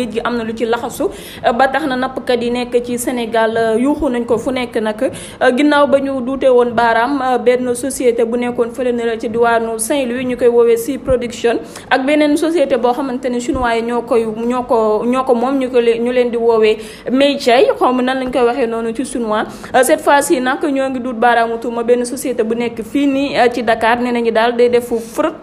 géej gi am na lu ci laxasu ba tax na nappkat yi nekk ci Sénégal euh, yuuxu nañ ko fu nekk nag euh, ginnaaw ba ñu duute woon baaraam euh, benn société bu nekkoon fële na ci diwaanu Saint-Louis ñu woowee si production ak beneen société boo xamante ne chinois yi ñoo koy ñoo ko ñoo ko moom ñu ko ñu leen di woowee Meicai xaw ma nan lañ koy waxee noonu ci chinois cette fois ci nag ñoo ngi duut baaraamu tuuma benn société bu nekk fii nii ci Dakar nee nañu daal dee def fraude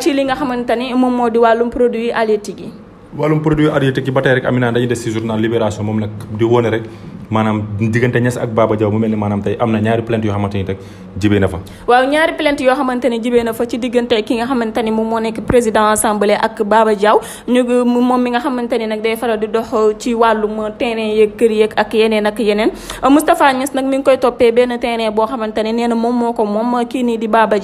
ci li nga xamante ni moom moo di wàllum produit halieutique yi wàllum produit arietique yi ba tey rek Amina dañuy des ci journal Libération moom nag di wone rek maanaam diggante Niass ak Baba Diaw mu mel ni maanaam tey am na ñaari plainte yoo xamante ni fa ne jibee na fa ci diggante ki nga xamante ni moom moo nekk président assemblée moom mi nga xamante ni nag day faral di dox ci wàllum terrain yeeg kër yeeg ak yeneen ak yeneen Moustapha Niass nag mi ngi koy toppee benn terrain boo xamante ne nee na moom moo ko moom kii nii di Baba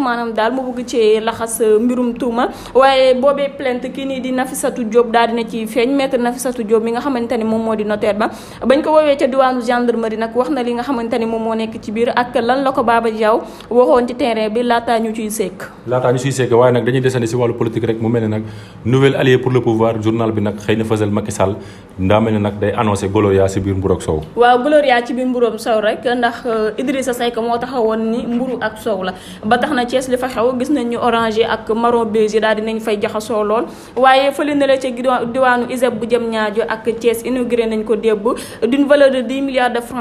maanaam daal mu bëgg laxas mbirum tuuma waaye boobee plainte kii nii di Nafissatou Diop daal dina ci feeñ maître Nafissatou Diop mi xamante ni moom moo di notaire ba bañ ko woowee ca diwaanu gendarmerie nag wax na li nga xamante ni moom moo nekk ci biir ak lan la ko Baba Diaw waxoon ci terrain bi laataa ñu ciy sekk laataa ñu ciy sekk waaye nag dañuy desandi si wàllu politique rek mu mel ne nag nouvelle alliée pour le pouvoir journal bi nag xëy na fësal Macky Sall ndaa mel ne nag day annoncé Gloria si ci biir euh, mburu ak soow la ba tax na Thiès li ak marron beige daal dinañ fay jaxasoo lool waaye fële na la ca diwaanu ISEP bu jëm ñaajo nañ ko débb d'une valeur dafa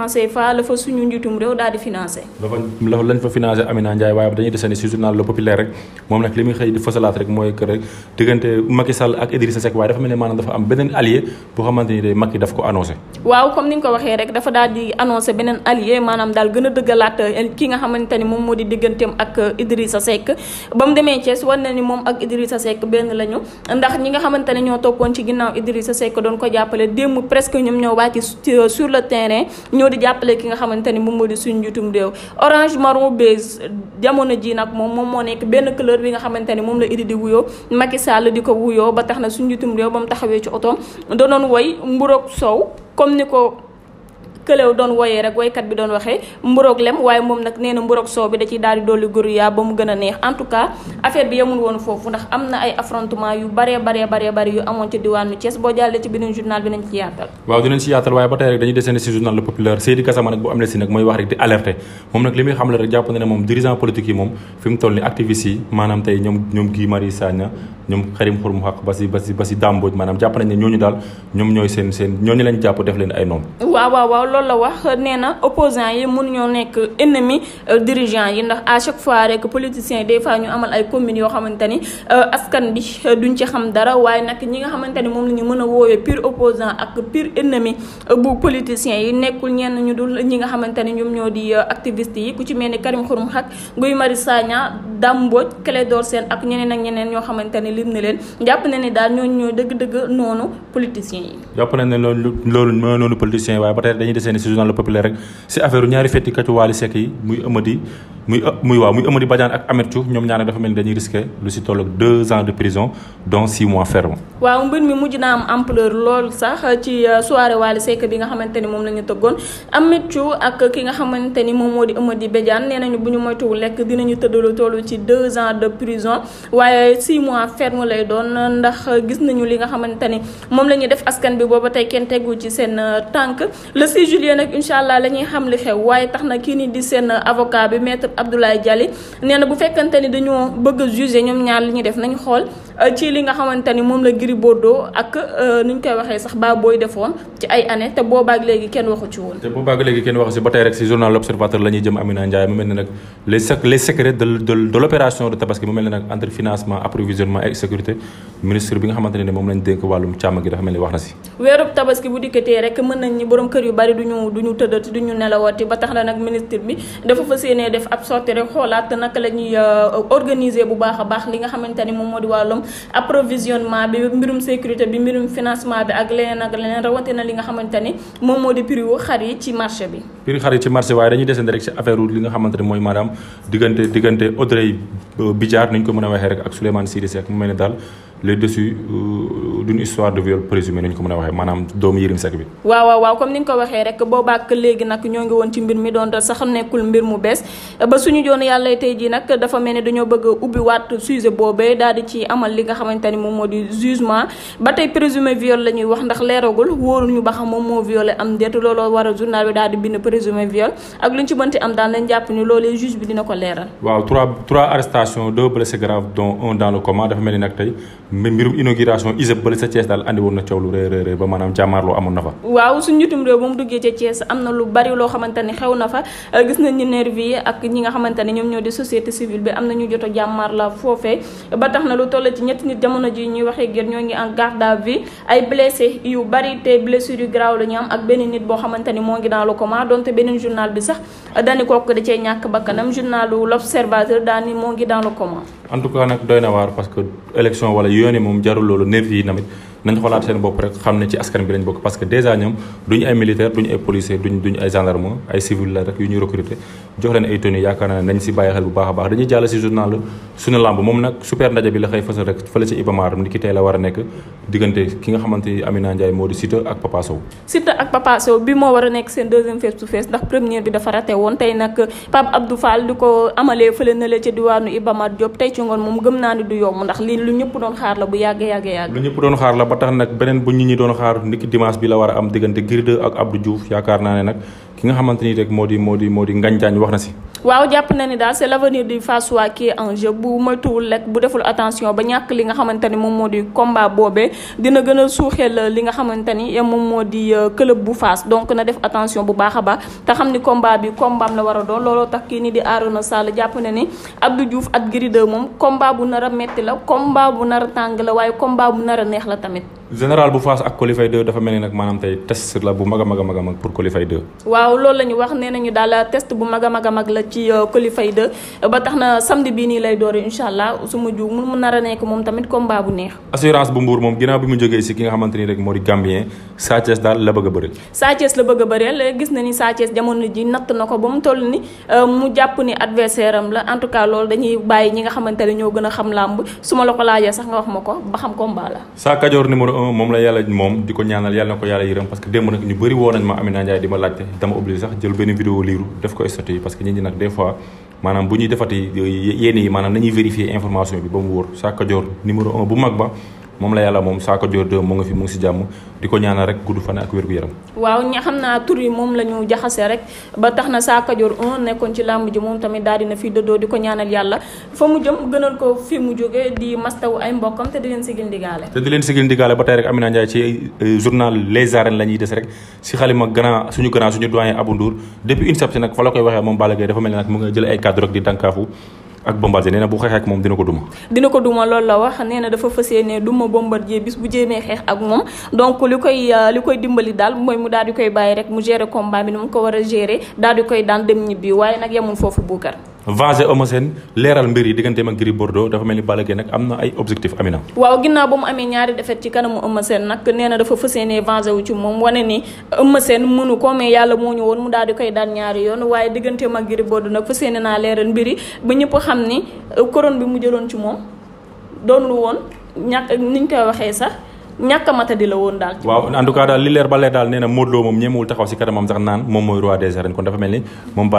mel ne maanaam dafa am beneen allié boo xamante ni day Macky daf ko annoncé waaw comme ni ko waxee rek dafa daal di annoncé beneen allié maanaam daal gën a dëggalaat euh, ki nga xamante moom moo di digganteem ak euh, Idrissa Seck ba mu demee Thiès war na ni moom ak Idrissa Seck benn lañu ndax ñi nga xamante ñoo toppoon ci ginnaaw Idrissa Seck doon ko jàppale démb presque ñoom ñoo wàcc euh, sur le terrain ñoo di jàppale ki nga xamante ni moom moo di suñu njiitum réew orange marron beige jamono ji nag moom moom moo nekk benn couleur bi nga xamante ni moom la idi di wuyoo Macky Sall di ko wuyoo ba tax na suñ njiitum réew ba mu taxawee ci otoom danoon woy mburoog soow comme ni ko këlew doon wooyee rek woykat bi doon waxee mburoog lem waaye moom nag nee na soow bi da ciy daal di ba mu gën a neex en tout cas affaire bi yemul woon foofu ndax am na ay affrontement yu baree baree baree bari yu amoon ci diwaanu Thiès boo jàllee ci beneen journal bi nañ ci yaatal waaw dinañ ci yaatal waaye ba tey rek dañuy desandi ci journal Le Populaire Seydi Gassama nag bu am si nag mooy wax rek di alerté moom nag li muy xam la rek jàpp loolu la wax nee na opposants yi mënuñoo nekk ennemi euh, dirigeants yi ndax à chaque fois rek politiciens yi des fois ñu amal ay communes yoo xamante euh, askan bi euh, duñ ci xam dara waaye nag ñi nga xamante ni moom la ñu mën a woowee pur opposant ak pur ennemi bu yi nekkul ñenn ñu dul ñi nga xamante ni ñoom ñoo di activistes yi ku ci mel ni Karim Xurum Xaq Guy Marius Sagna Dame Mbodj Clédor Sène ak ñeneen ak ñeneen ñoo xamante ni lim na leen jàpp na ne daal ñooñu ñoo dëgg-dëgg noonu politiciens yi. jàpp nañ ne loolu loolu noonu politiciens waaye ba tey dañuy seen saison la populaire rek si affaire ñaari fetti katu Wally muy Amady muy muy muy Amady Badiane ak Ameth Diouf ñoom ñaar dafa mel ni dañuy risqué lu si toll ak deux ans de prison dont six mois ferme. waaw mbir mi mujj naa am ampleur lool sax ci euh, soirée waalo Seck bi nga xamante ni moom la ñu tëggoon Ameth Diouf ak ki nga xamante ni moom moo di Amady Badiane nee nañu bu ñu moytuwul lekk dinañu tëdd lu toll ci deux ans de prison waaye six mois ferme lay doon ndax gis nañu li nga xamante ni moom la ñuy def askan bi booba tey kenn tegu ci seen euh, tànk le 6 juillet nag incha allah la ñuy xam li xew waaye tax na kii nii di seen euh, avocat bi maître. Abdoulaye Dialy nee na bu fekkante ni dañoo bëgg a ñoom ñaar li ñuy def nañu xool Euh, ci li nga xamante ni moom la Gris Bordeaux ak euh, nu ñu koy waxee sax ba booy defoon ci ay année te boobaag léegi kenn waxu ci woon. te boobaag léegi kenn waxu si ba tey rek si journal l'observateur de de de l'opération de tabaski mu mel ne nag entre financement approvisionnement et moom lañ dénk wàllum càmm gi dafa mel ni wax na si. weerub tabaski bu dikkatee rek mën nañ ni borom kër yu bari du ñu du nelawati ba tax na nag ministre bi dafa fas yéenee def ab sortie xoolaat naka la ñuy euh, bu baax a baax li nga xamante ni moom moo di wàllum approvisionnement bi mbirum sécurité bi mbirum financement bi ak leen ak leneen na li nga xamante ni moom moo di prix wu yi ci marché bi. prix xar yi ci marché waaye dañuy desandi rek ci affaire li nga xamante ne mooy maanaam diggante diggante Audrey Bidjar nañ ko mën a waxee rek ak Souleymane Sidi Seck mu mel ne daal. les dessus euh, d'une histoire de viol présumé nañu ko mën a waxee maanaam doomu Yérim Seck bi. waaw waaw waaw comme ni nga ko waxee rek boobaak léegi nag ñoo ngi woon ci mbir mi doon sax nekkul mbir mu bees ba suñu joon yàlla tey jii nag dafa mel ni dañoo bëgg a ubbi waat sujet boobee daal di ci li nga xamante ni moom moo di jugement ba tey présumé viol la ñuy wax ndax leeragul wóoruñu ba xam moom moo violé am déet looloo war a journal bi daal di bind présumé viol ak lu ñu ci mënti am daal lañ jàpp ni loolee juge bi dina ko leeral. waaw trois trois arrestations deux blessés graves dont un dans mel ni nag mbirum inauguration ISEP bële sa Thiès daal andi woon na coow lu rëy loo xamante ne xew na fa euh, gis nañ ni nervi ak ñi nga xamante ne ñoom ñoo di société civile bi am na ñu jot a tax na lu toll ci ñetti nit jamono ji ñuy waxee gër ñoo ngi en garde à bari te blessure la ñu am ak benn nit boo xamante ni moo ngi dans le coma donte beneen journal bi sax dani kooku da cee ñàkk bakkanam journalu l'observateur daani moo ngi dans le en tout cas nag doy na waar parce que élection wala yoone moom jarul loolu nervi yi tamit nañ xoolaat seen bopp rek xam ne ci askan bi lañ bokk parce que dèjà ñoom duñu ay militaire duñu ay policier duñ ay gendarme ay civil la rek yu ñuy recruter jox leen ay yaakaar naa ne nañ si bàyyi xel bu baax a baax dañuy jàll si journal suñu lamb moom nag super ndaje bi la xëy fësal rek fële ci Ibamar bi moo war a nekk seen deuxième face to face ndax première bi dafa raté woon tey nag Pape Abdou Fall di ko amalee fële na la ca diwaanu Ibamar ba tax nag beneen bu nit ñi doon xaar niki dimanche bi la war a am diggante Gris 2 ak Abdou Diouf yaakaar naa ne nag ki nga xamante ni rek moo di moo di moo di Ngagne wax na si waaw jàpp na ni daal c'est l'avenir du Fassois qui est en jeu bu moytuwul rek bu deful attention ba ñàkk li nga xamante ni moom moo di combat boobee dina gën a suuxeel li nga xamante ni moom moo di euh, club bu Fass donc na def attention bu baax a baax te xam ni combat bi combaam la war a doon looloo tax kii nii di Arona Sall jàpp na ni Abdou juuf ak Gris moom combat bu nar a metti la combat bu nar a tàng la waaye combat bu nar a neex la tamit général bu Fass ak Qualify 2 dafa mel ni nag maanaam tey test la bu mag a mag a mag pour Qualify waaw loolu la ñu wax nee nañu daal test bu mag a mag a mag la ci Qualify euh, ba tax na samedi bii nii lay doore incha allah su ma juum mu nar nekk moom tamit combat bu neex. assurance bu mbuur moom ginnaaw bi mu jógee si ki nga xamante ni rek moo di Gambien Sa Thiès daal la bëgg a bëreel. Sa Thiès la bëgg a bëreel gis na ni Sa Thiès jamono ji natt na ko ba euh, am la en tout cas loolu dañuy bàyyi ñi nga xamante ne ñoo gën a xam la ko laajee sax nga ma ko ba xam combat la. un moom la yàlla moom di ko ñaanal yàlla na ko yàlla yërëm parce que démb nag ñu bëri woo nañ ma Amina Ndiaye di ma laajte dama obligé sax jël benn vidéo liiru def ko statut yi parce que nit ñi nag des fois maanaam bu ñuy defati yenn yi maanaam nañuy vérifier information bi ba mu wóor Sa Cadior numéro bu mag ba moom la yàlla moom Sakho Dior 2 mu nga fi mu ngi si jàmm di ko ñaanal rek gudd fan ak wér gu yaram. waaw ña xam naa tur moom la ñu jaxase rek ba tax na saa Dior 1 nekkoon ci làmb ji moom tamit daal dina fi dëddoo di ko ñaanal yàlla fa mu jëm gënal ko fi mu jógee di mastawu ay mbokkam te di leen sigil ndigaale. te di leen sigil ndigaale ba tey rek Amina Ndiaye ci euh, journal Les Arènes la ñuy des rek si xalima grand suñu grand suñu doyen Abou Ndour moom Balla Gaye dafa mel ni jël ay ak Bombardier nee neena bu xeexee ak moom dina ko duma dina ko duma loolu la wax nee na dafa fas yéene duma Bombardier bis bu jéemee xeex ak moom donc li koy euh, li koy dimbali daal mooy mu daal di koy bàyyi rek mu gérer combat bi ni mu ko war a gérer daal di koy daan dem ñibbi waaye nag yemul foofu buukar venger Eumeu Sène leeral mbir yi diggante ak Gris Bordeaux dafa mel ni Balla Gaye nag am na ay objectif Amina waaw ginnaaw ba mu amee ñaari defet ci kanamu Eumeu Sène nag nee na dafa fas yéene venger wu ci moom wane ni Eumeu Sène mënu ko yàlla moo ñu woon mu daal di koy daan ñaari yoon waaye digganteem ak Gris Bordeaux nag fas yéene naa leeral mbir yi ba ñëpp xam ni euh, couronne bi mu jëloon ci moom doon lu woon ñàkk niñ koy waxee sax ñàkk a la woon daal. waaw en tout cas daal li leer ba leer daal nee na Modou Lo moom ñemewul taxaw si kanamam sax naan moom mooy roi des arènes kon dafa mel ni moom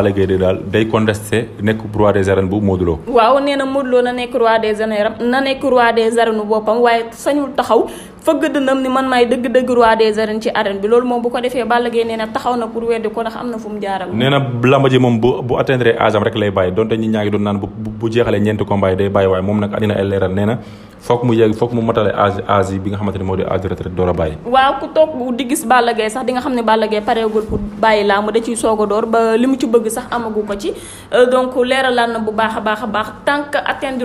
bu ko defee Balla Gaye nee na taxaw na pour weddi ko ndax am na fu mu jaaral nee na lamba ji moom bu bu atteindre âge am lay bàyyi donte ñi ñaa doon naan bu bu jeexalee ñeenti combat day bàyyi waaye moom nag andi na ay leeral nee na foog mu yegg foog mu motale âge âge bi nga xamante ne moo di âge de door a bàyyi waaw ku toog di gis Balla Gaye sax di nga xam ne Balla Gaye pareegul pour bàyyi laa mu da ciy a door sax amagu ko ci euh, donc leeralaan na bu baax a baax a baax tant que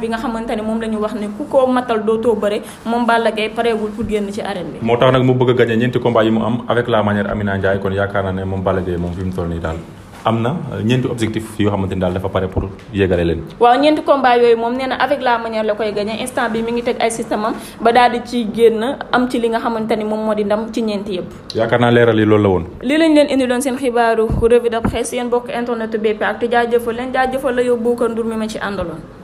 bi nga xamante ne moom la wax ne ku ko matal dootoo bëre moom Balla Gaye pareegul pour génn ci arène bi moo tax nag mu bëgg a ñeenti combat yi mu am avec la manière Amina Ndiaye kon yaakaar naa ne moom Balla Gaye moom fi toll nii daal am na ñeenti objectif yoo xamante ni daal dafa pare pour yéegale leen waaw ñeenti combat yooyu moom nee na avec la manière la koy gagné instant bi mi ngi teg ay système am ba daal di ci génn am ci li nga xamante ni moom moo di ndam ci ñeenti yëpp yaakaar naa leeral yi loolu la woon lii lañ leen indi doon seen xibaaru revue de presse yéen bokk internet BP ak te jaajëfal leen jaajëfal la yow Boucar Ndour ci àndaloon